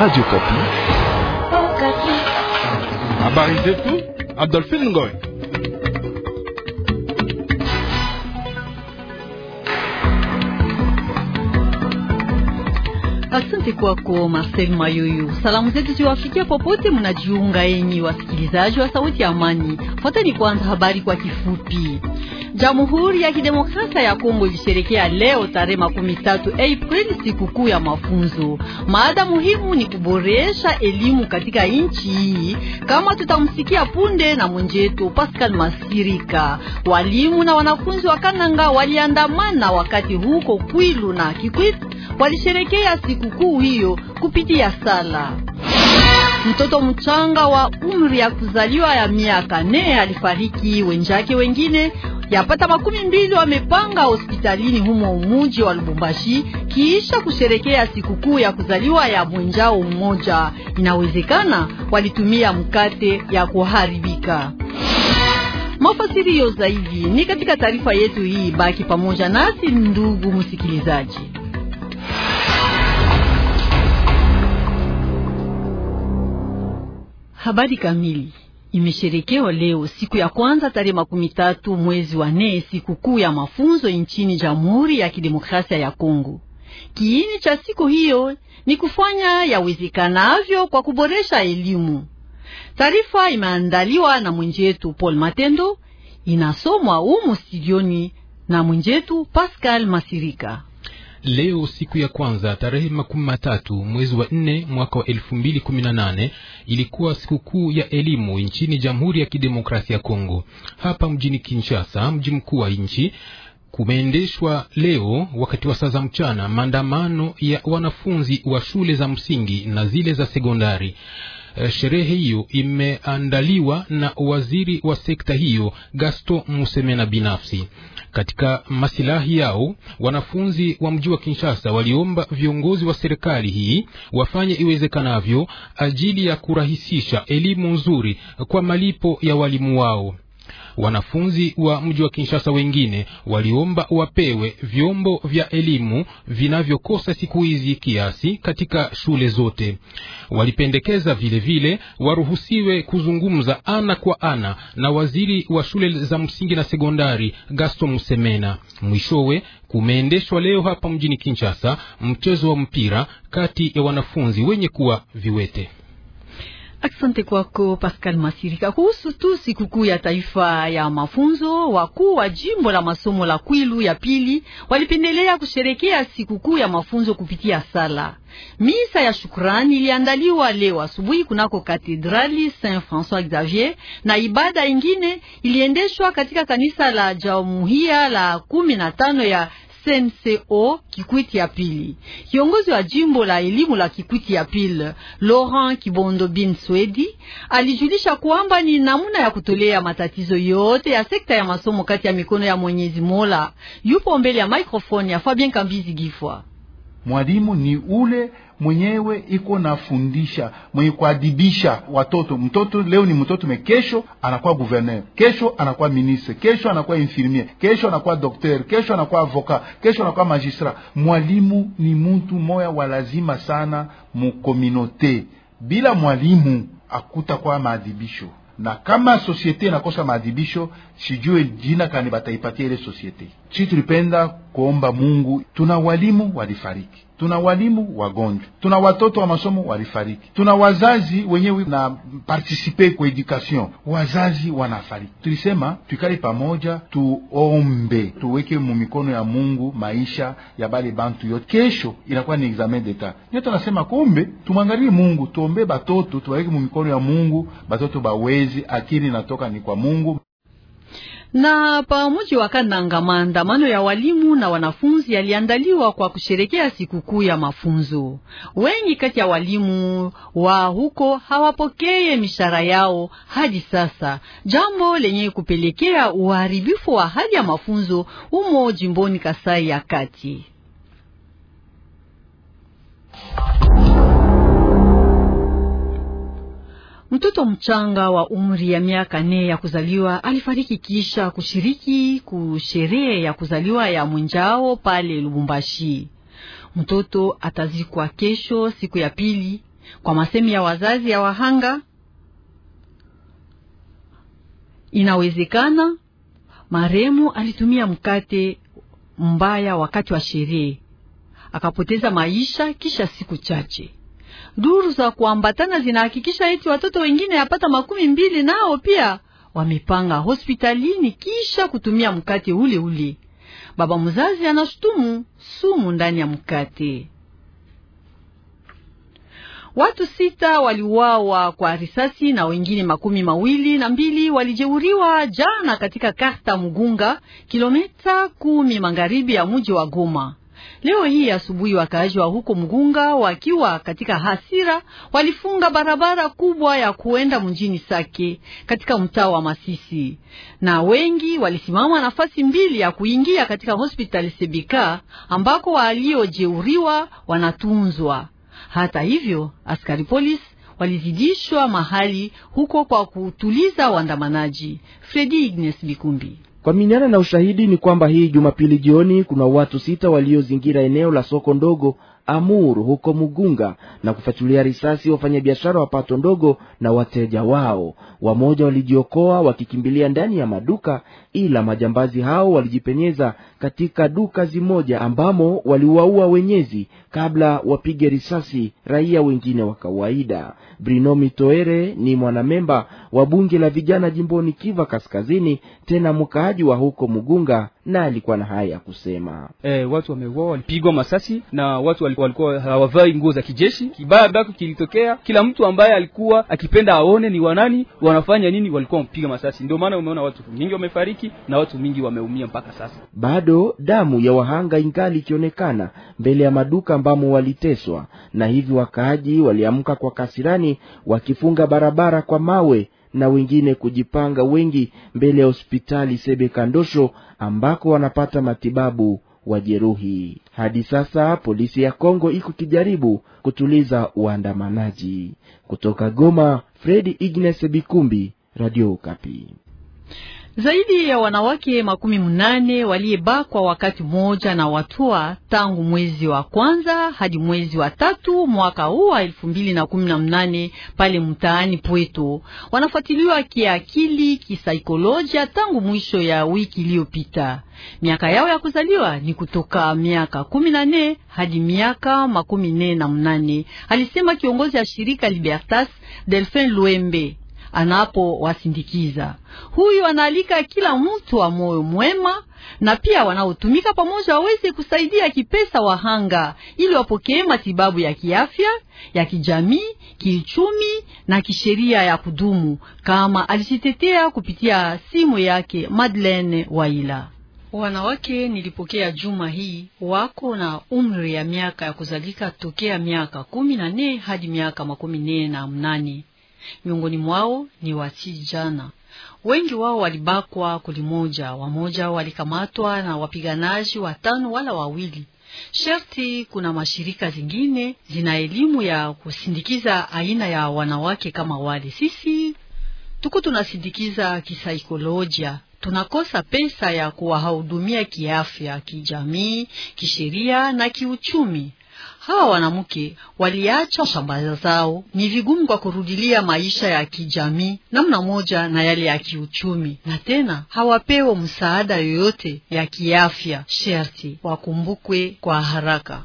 Radio Kapi. Habari zetu Adolphine Ngoy. Asante kwako Marcel Mayoyo. Salamu zetu ziwafikia popote mnajiunga, enyi wasikilizaji wa Sauti ya Amani. Fuateni kwanza habari kwa kifupi. Jamhuri ya Kidemokrasia ya Kongo ilisherekea leo tarehe makumi tatu Aprili sikukuu ya mafunzo. Maada muhimu ni kuboresha elimu katika nchi hii, kama tutamsikia punde na mwenjetu Pascal Masirika. Walimu na wanafunzi wa Kananga waliandamana wakati huko Kwilu na Kikwit walisherekea sikukuu hiyo kupitia sala. Mtoto mchanga wa umri ya kuzaliwa ya miaka nne alifariki, wenjake wengine yapata makumi mbili wamepanga hospitalini humo umuji wa Lubumbashi kiisha kusherekea sikukuu ya kuzaliwa ya mwenjao mmoja. Inawezekana walitumia mkate ya kuharibika. Mafasirio zaidi ni katika taarifa yetu hii. Baki pamoja nasi, ndugu msikilizaji. Habari kamili imesherekewa leo siku ya kwanza tarehe makumi tatu mwezi wa nne, siku kuu ya mafunzo nchini Jamhuri ya Kidemokrasia ya Kongo. Kiini cha siku hiyo ni kufanya yawezekanavyo kwa kuboresha elimu. Taarifa imeandaliwa na mwenjetu Paul Matendo, inasomwa umu studioni na mwenjetu Pascal Masirika leo siku ya kwanza tarehe makumi matatu mwezi wa nne mwaka wa elfu mbili kumi na nane ilikuwa sikukuu ya elimu nchini Jamhuri ya Kidemokrasia ya Kongo. Hapa mjini Kinshasa, mji mkuu wa nchi kumeendeshwa leo wakati wa saa za mchana maandamano ya wanafunzi wa shule za msingi na zile za sekondari. Eh, sherehe hiyo imeandaliwa na waziri wa sekta hiyo Gaston Musemena binafsi katika masilahi yao. Wanafunzi wa mji wa Kinshasa waliomba viongozi wa serikali hii wafanye iwezekanavyo ajili ya kurahisisha elimu nzuri kwa malipo ya walimu wao. Wanafunzi wa mji wa Kinshasa wengine waliomba wapewe vyombo vya elimu vinavyokosa siku hizi kiasi katika shule zote. Walipendekeza vilevile vile, waruhusiwe kuzungumza ana kwa ana na waziri wa shule za msingi na sekondari Gaston Musemena. Mwishowe kumeendeshwa leo hapa mjini Kinshasa mchezo wa mpira kati ya wanafunzi wenye kuwa viwete. Asante kwako Pascal Masirika. Kuhusu tu sikukuu ya taifa ya mafunzo, wakuu wa jimbo la masomo la Kwilu ya pili walipendelea kusherekea sikukuu ya mafunzo kupitia sala. Misa ya shukrani iliandaliwa leo asubuhi kunako katedrali Saint François Xavier na ibada ingine iliendeshwa katika kanisa la jamuhia la kumi na tano ya SNCO Kikwiti ya pili. Kiongozi wa jimbo la elimu la Kikwiti ya pili, Laurent Kibondo Bin Swedi, alijulisha kwamba ni namuna ya kutolea matatizo yote ya sekta ya masomo kati ya mikono ya Mwenyezi Mola. Yupo mbele ya microphone ya Fabien Kambizi Gifwa. Mwalimu ni ule mwenyewe iko nafundisha, mwenye kuadibisha watoto. Mtoto leo ni mtoto me, kesho anakuwa guverner, kesho anakuwa ministre, kesho anakuwa infirmier, kesho anakuwa dokter, kesho anakuwa avoka, kesho anakuwa magistrat. Mwalimu ni mtu moya wa lazima sana mukominote. Bila mwalimu akutakuwa maadibisho na kama sosiete inakosa maadhibisho, sijue jina kani bataipatia ile sosiete. Si tulipenda kuomba Mungu, tuna walimu walifariki tuna walimu wagonjwa, tuna watoto wa masomo walifariki, tuna wazazi wenyewe na participe kwa education, wazazi wanafariki. Tulisema tuikale pamoja, tuombe, tuweke mu mikono ya Mungu maisha ya bale bantu yote. Kesho inakuwa ni examen d'etat, ndio tunasema kumbe, tumwangalie Mungu, tuombe batoto, tuwaweke mu mikono ya Mungu, batoto bawezi, akili natoka ni kwa Mungu. Na pa mji wa Kananga maandamano ya walimu na wanafunzi yaliandaliwa kwa kusherekea sikukuu ya mafunzo. Wengi kati ya walimu wa huko hawapokee mishahara yao hadi sasa, jambo lenye kupelekea uharibifu wa hali ya mafunzo humo jimboni Kasai ya Kati. Mtoto mchanga wa umri ya miaka nne ya kuzaliwa alifariki kisha kushiriki kusherehe ya kuzaliwa ya mwenjao pale Lubumbashi. Mtoto atazikwa kesho siku ya pili, kwa masemi ya wazazi ya wahanga. Inawezekana maremu alitumia mkate mbaya wakati wa sherehe akapoteza maisha kisha siku chache. Duru za kuambatana zinahakikisha eti watoto wengine yapata makumi mbili nao pia wamepanga hospitalini kisha kutumia mkate ule ule. Baba mzazi anashutumu sumu ndani ya mkate. Watu sita waliuawa kwa risasi na wengine makumi mawili na mbili walijeuriwa jana katika karta Mugunga, kilomita kumi magharibi ya mji wa Goma. Leo hii asubuhi, wakaaji wa huko Mgunga wakiwa katika hasira walifunga barabara kubwa ya kuenda mjini Sake katika mtaa wa Masisi, na wengi walisimama nafasi mbili ya kuingia katika hospitali Sebika ambako waliojeuriwa wanatunzwa. Hata hivyo, askari polisi walizidishwa mahali huko kwa kutuliza waandamanaji. Fredi Ignes Bikumbi kuaminiana na ushahidi ni kwamba hii Jumapili jioni kuna watu sita waliozingira eneo la soko ndogo Amur huko Mugunga na kufatulia risasi wafanyabiashara wa pato ndogo na wateja wao. Wamoja walijiokoa wakikimbilia ndani ya maduka, ila majambazi hao walijipenyeza katika duka zimoja ambamo waliwaua wenyezi kabla wapige risasi raia wengine wa kawaida. Brino Mitoere ni mwanamemba wa bunge la vijana jimboni Kiva Kaskazini, tena mkaaji wa huko Mugunga na alikuwa na haya ya kusema. E, watu wameuawa, walipigwa masasi na watu walikuwa hawavai nguo za kijeshi. Kibaya bako kilitokea, kila mtu ambaye alikuwa akipenda aone ni wanani wanafanya nini, walikuwa wamepiga masasi. Ndio maana umeona watu mingi wamefariki na watu mingi wameumia mpaka sasa. Bado damu ya wahanga ingali ikionekana mbele ya maduka ambamo waliteswa, na hivi wakaaji waliamka kwa kasirani, wakifunga barabara kwa mawe na wengine kujipanga wengi mbele ya hospitali Sebe Kandosho ambako wanapata matibabu wajeruhi. Hadi sasa polisi ya Kongo iko kijaribu kutuliza uandamanaji Kutoka Goma, Fredi Ignace Bikumbi, Radio Okapi. Zaidi ya wanawake makumi munane waliyebakwa wakati mmoja na watua tangu mwezi wa kwanza hadi mwezi wa tatu mwaka huu wa elfu mbili na kumi na mnane pale mtaani Pweto wanafuatiliwa kiakili, kisaikolojia tangu mwisho ya wiki iliyopita. Miaka yao ya kuzaliwa ni kutoka miaka kumi na nne hadi miaka makumi nne na mnane, alisema kiongozi ya shirika Libertas Delphin Luembe anapowasindikiza. Huyu anaalika kila mtu wa moyo mwema na pia wanaotumika pamoja waweze kusaidia kipesa wahanga ili wapokee matibabu ya kiafya, ya kijamii, kiuchumi na kisheria ya kudumu, kama alijitetea kupitia simu yake Madeleine Waila. Wanawake nilipokea juma hii wako na umri ya miaka ya kuzalika tokea miaka kumi na nne hadi miaka makumi nne na mnane miongoni mwao ni wasijana. Wengi wao walibakwa kulimoja, wamoja walikamatwa na wapiganaji watano wala wawili. Sharti kuna mashirika zingine zina elimu ya kusindikiza aina ya wanawake kama wale. Sisi tuku tunasindikiza kisaikolojia, tunakosa pesa ya kuwahudumia kiafya, kijamii, kisheria na kiuchumi. Hawa wanamke waliacha shamba zao, ni vigumu kwa kurudilia maisha ya kijamii namna moja na yale ya kiuchumi, na tena hawapewe msaada yoyote ya kiafya. Sherti wakumbukwe kwa haraka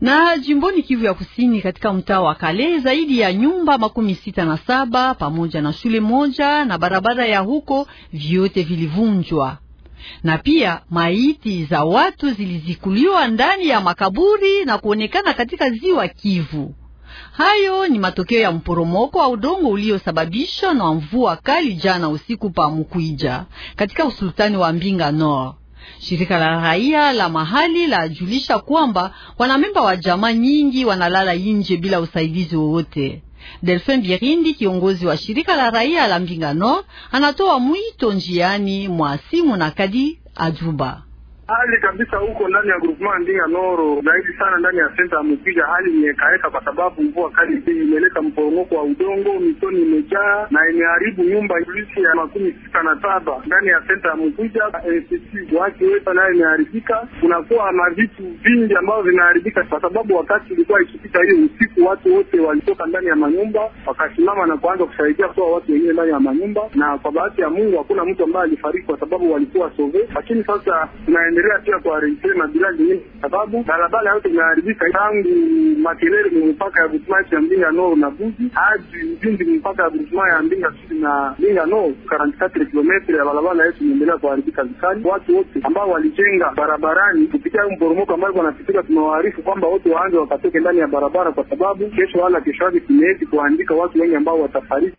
na jimboni Kivu ya Kusini, katika mtaa wa Kale, zaidi ya nyumba makumi sita na saba pamoja na shule moja na barabara ya huko, vyote vilivunjwa na pia maiti za watu zilizikuliwa ndani ya makaburi na kuonekana katika ziwa Kivu. Hayo ni matokeo ya mporomoko wa udongo uliosababishwa na mvua kali jana usiku pa Mukwija katika usultani wa Mbinga Nord. Shirika la raia la mahali lajulisha kwamba wanamemba wa jamaa nyingi wanalala inje bila usaidizi wowote. Delphin Birindi, kiongozi wa shirika la raia la Mbinga Nord, anatoa mwito njiani mwa simu na kadi ajuba hali kabisa huko ndani ya groupement Ndinga Noro, zaidi sana ndani ya senta Mupiga, hali imekaeka kwa sababu mvua kali imeleta mporomoko wa udongo, mitoni imejaa na imeharibu nyumba ilisi ya makumi sita na saba ndani ya senta ya Mupiga. wake wetu nayo imeharibika, kunakuwa na vitu vingi ambavyo vinaharibika kwa sababu wakati ilikuwa ikipita hiyo usiku, watu wote walitoka ndani ya manyumba wakasimama na kuanza kusaidia kutoa watu wengine ndani ya manyumba, na kwa bahati ya Mungu hakuna mtu ambaye alifariki kwa sababu walikuwa sove, lakini sasa tunaendelea tunaendelea pia kuwarejesha majirani zingine, sababu barabara yote imeharibika tangu Makelele ni mpaka ya Butima ya Mbinga no na Buzi hadi Ujindi mpaka ya Butima ya Mbinga sudi na Mbinga no, karantikati kilomita ya barabara yetu imeendelea kuharibika vikali. Watu wote ambao walijenga barabarani kupitia mporomoko ambayo wanapitika, tumewaarifu kwamba wote waanze wakatoke ndani ya barabara, kwa sababu kesho wala kesho yake tumeeti kuandika watu wengi ambao watafariki.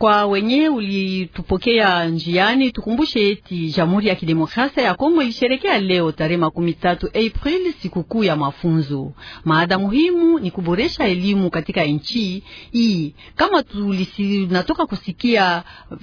Kwa wenye ulitupokea njiani, tukumbushe eti Jamhuri ya Kidemokrasia ya Kongo ilisherekea leo tarehe makumi tatu Aprili sikukuu ya mafunzo. Maada muhimu ni kuboresha elimu katika nchi hii, kama tunatoka kusikia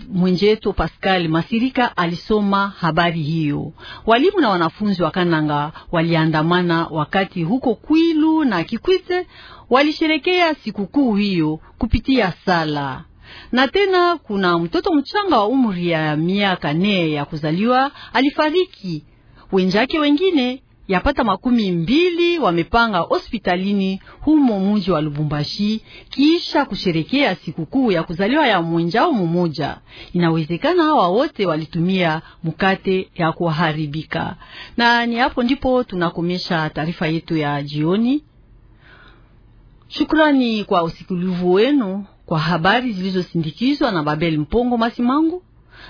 mwenjeto Pascal Masirika alisoma habari hiyo. Walimu na wanafunzi wa Kananga waliandamana wakati huko Kwilu na Kikwite walisherekea sikukuu hiyo kupitia sala. Na tena kuna mtoto mchanga wa umri ya miaka nne ya kuzaliwa alifariki, wenjake wengine yapata makumi mbili wamepanga hospitalini humo muji wa Lubumbashi kisha kusherekea sikukuu ya kuzaliwa ya mwenjao mmoja. Inawezekana hawa wote walitumia mkate ya kuharibika. Na ni hapo ndipo tunakomesha taarifa yetu ya jioni. Shukrani kwa usikilivu wenu kwa habari zilizosindikizwa na Babel Mpongo Masimangu,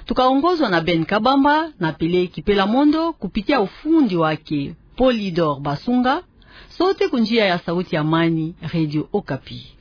tukaongozwa na Ben Kabamba na Pele Kipela Mondo kupitia ufundi wake Polidor Basunga, sote kunjia ya sauti ya amani, Radio Okapi.